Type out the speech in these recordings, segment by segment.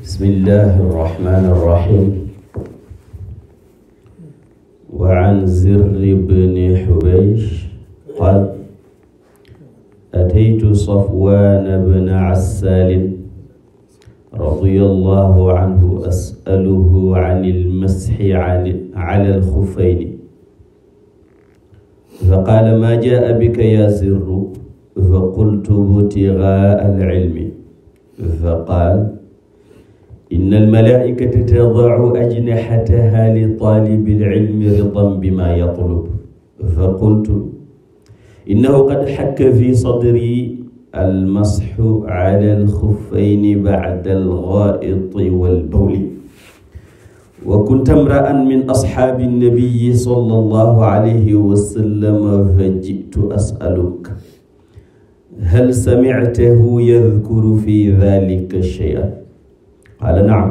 بسم الله الرحمن الرحيم وعن زر بن حبيش قال أتيت صفوان بن عسال رضي الله عنه أسأله عن المسح على الخفين فقال ما جاء بك يا زر فقلت ابتغاء العلم فقال inna almalaikata tadacu ajnahataha li taalibi alcilmi ridan bima yatlub fa qultu innahu qad xakka fi sadri almasxu ala alxuffayni bacda algaaiti walbawli wa kunta imra'an min asxaabi nnabiyi sallallahu alayhi wa sallam fa ji'tu as'aluka hal samictahu yadkuru fi dalika shay'an qaala naam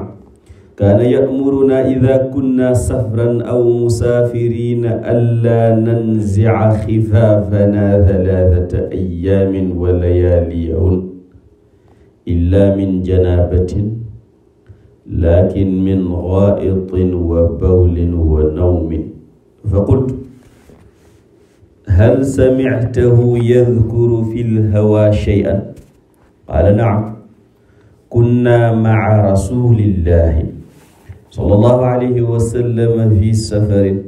kaana ya'muruna idha kunna safran aw musafirina alla nanzi'a xifaafana thalathata ayaamin wa layaaliyahun illa min janabatin lakin min ghaitin wa bawlin wa nawmin fa qultu hal samictahu yadkuru fi lhawa shay'an qaala naam kunna ma'a rasulillahi sallallahu alayhi wa sallam fi safarin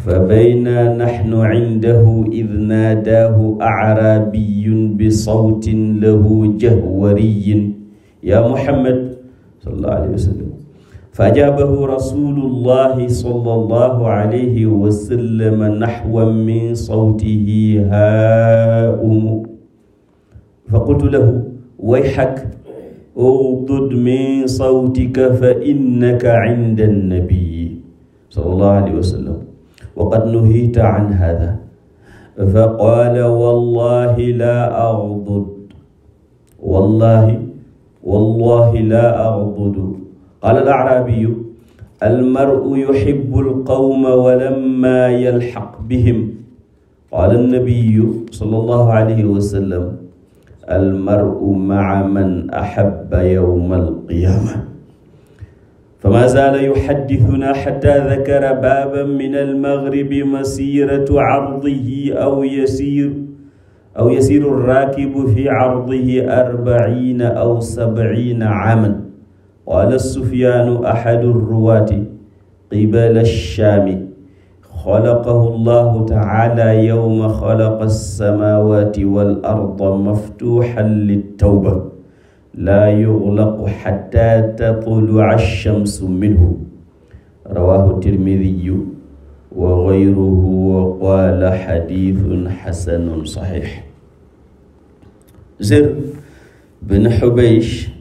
fa bayna nahnu indahu id naadaahu acraabiyun bi sawtin lahu jahwariyin yaa Muhammad sallallahu alayhi wa sallam fa ajaabahu rasulullahi sallallahu alayhi wa sallam naxwan min sawtihi haa umu fa qultu lahu wayhak ughdud min sawtika fa innaka inda annabiyi sallallahu alayhi wa sallam wa qad nuhiita an hada fa qaala wallahi laa aghdud wallahi wallahi laa aghdudu qaala al-a'raabiyu almaru yuxibu alqawma walamma yalxaq bihim qaala annabiyu sallallahu alayhi wa sallam almaru maa man axaba yowma alqiyaama fama zaala yuxaddisuna xata dakara baaban min almagribi masiratu cardihi aw yasir aw yasiru alraakibu fi cardihi arbaciina aw sabciina caaman qaala sufyaanu axadu ruwaati qibala shaami xalaqahu allahu taala yowma xalaqa alsamawati wal arda maftuxan littawba laa yuxlaqu xatta tatluca alchamsu minhu rawahu tirmidiyu wa gayruhu wa qaala xadiisun xasanun saxiix Zir bin Xubaysh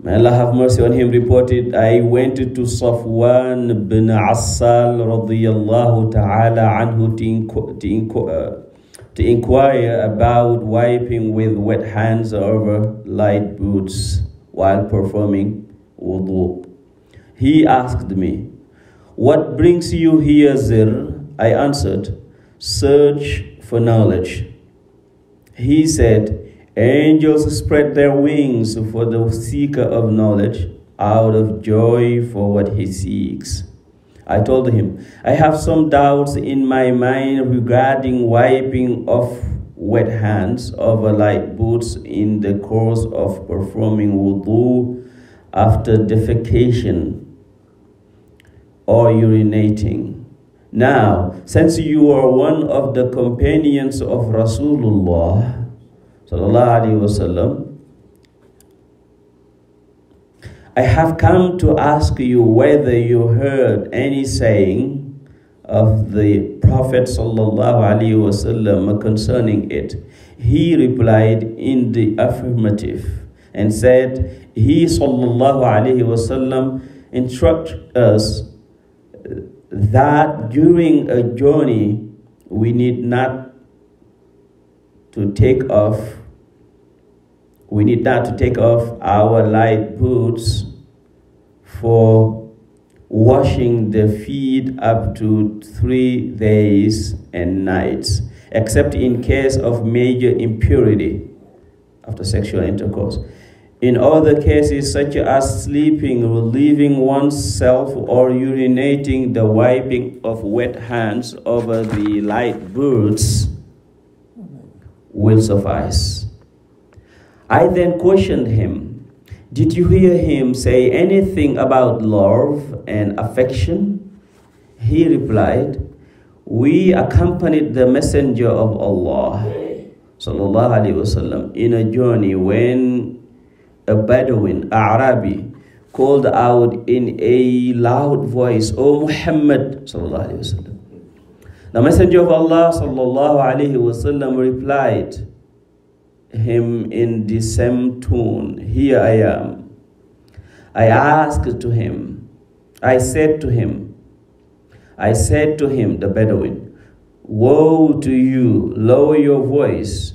May Allah have mercy on him, reported, I went to Safwan bin Assal radiyallahu ta'ala anhu to, inqu to, inqu uh, to inquire about wiping with wet hands over light boots while performing wudu. He asked me, What brings you here, Zir? I answered, Search for knowledge. He said, Angels spread their wings for the seeker of knowledge out of joy for what he seeks. I told him, I have some doubts in my mind regarding wiping off wet hands over boots in the course of performing wudu after defecation or urinating. Now, since you are one of the companions of Rasulullah, sallallahu alaihi wasallam I have come to ask you whether you heard any saying of the Prophet ﷺ concerning it. He replied in the affirmative and said, He ﷺ instructed us that during a journey we need not to take off We need now to take off our light boots for washing the feet up to three days and nights, except in case of major impurity after sexual intercourse. In other cases, such as sleeping, relieving oneself, or urinating, the wiping of wet hands over the light boots will suffice. I then questioned him, Did you hear him say anything about love and affection? He replied, We accompanied the Messenger of Allah وسلم, in a journey when a Bedouin, a Arabi, called out in a loud voice, O Muhammad. وسلم. The Messenger of Allah وسلم, replied, him in the same tone, Here I am. I asked to him, I said to him, I said to him, the Bedouin, Woe to you, lower your voice,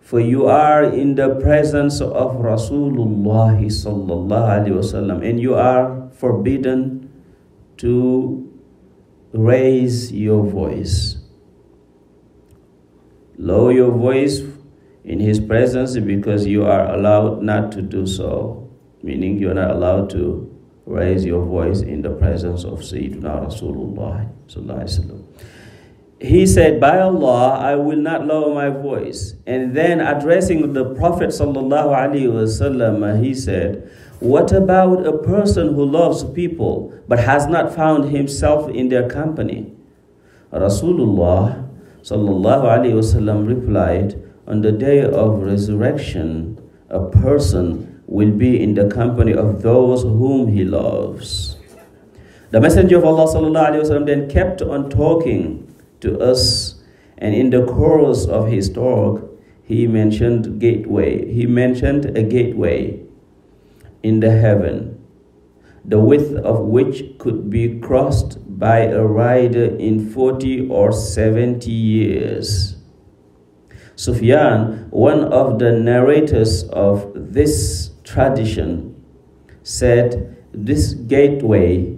for you are in the presence of Rasulullah wasallam, and you are forbidden to raise your voice. Lower your voice in His presence because you are allowed not to do so, meaning you are not allowed to raise your voice in the presence of Sayyidina Rasulullah. He said, By Allah, I will not lower my voice. And then addressing the Prophet, وسلم, he said, What about a person who loves people but has not found himself in their company? Rasulullah sallallahu alayhi wasallam replied, On the day of resurrection, a person will be in the company of those whom he loves. The Messenger of Allah وسلم, then kept on talking to us, and in the course of his talk, he mentioned a gateway in the heaven, the width of which could be crossed by a rider in 40 or 70 years. Sufyan, one of the narrators of this tradition, said this gateway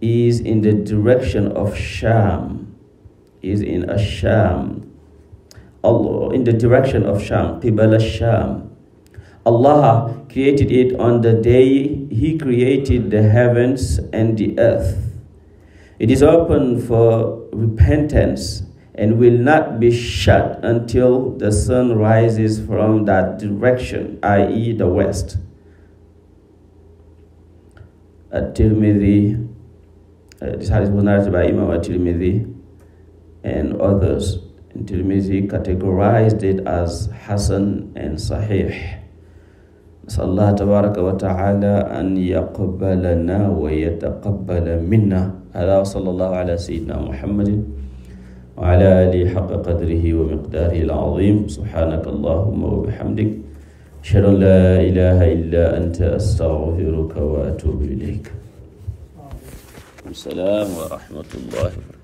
is in the direction of Sham, is in Asham. Allah, in the direction of Sham, Qibla Sham. Allah created it on the day He created the heavens and the earth. It is open for repentance and will not be shut until the sun rises from that direction, i.e., the west. At-Tirmidhi, uh, this hadith was narrated by Imam At-Tirmidhi and others. And Tirmidhi categorized it as Hasan and Sahih. Allah tabaraka wa ta'ala an yaqbalana wa yataqabbala minna. Ala sallallahu ala sayyidina Muhammadin. wa ala alihi xaqa qadrihi wa miqdaarihi al-aziim subhaanaka allahumma wa bihamdik ashhadu an laa ilaaha illaa anta astaghfiruka wa atuubu ilayk. Salaam wa rahmatullahi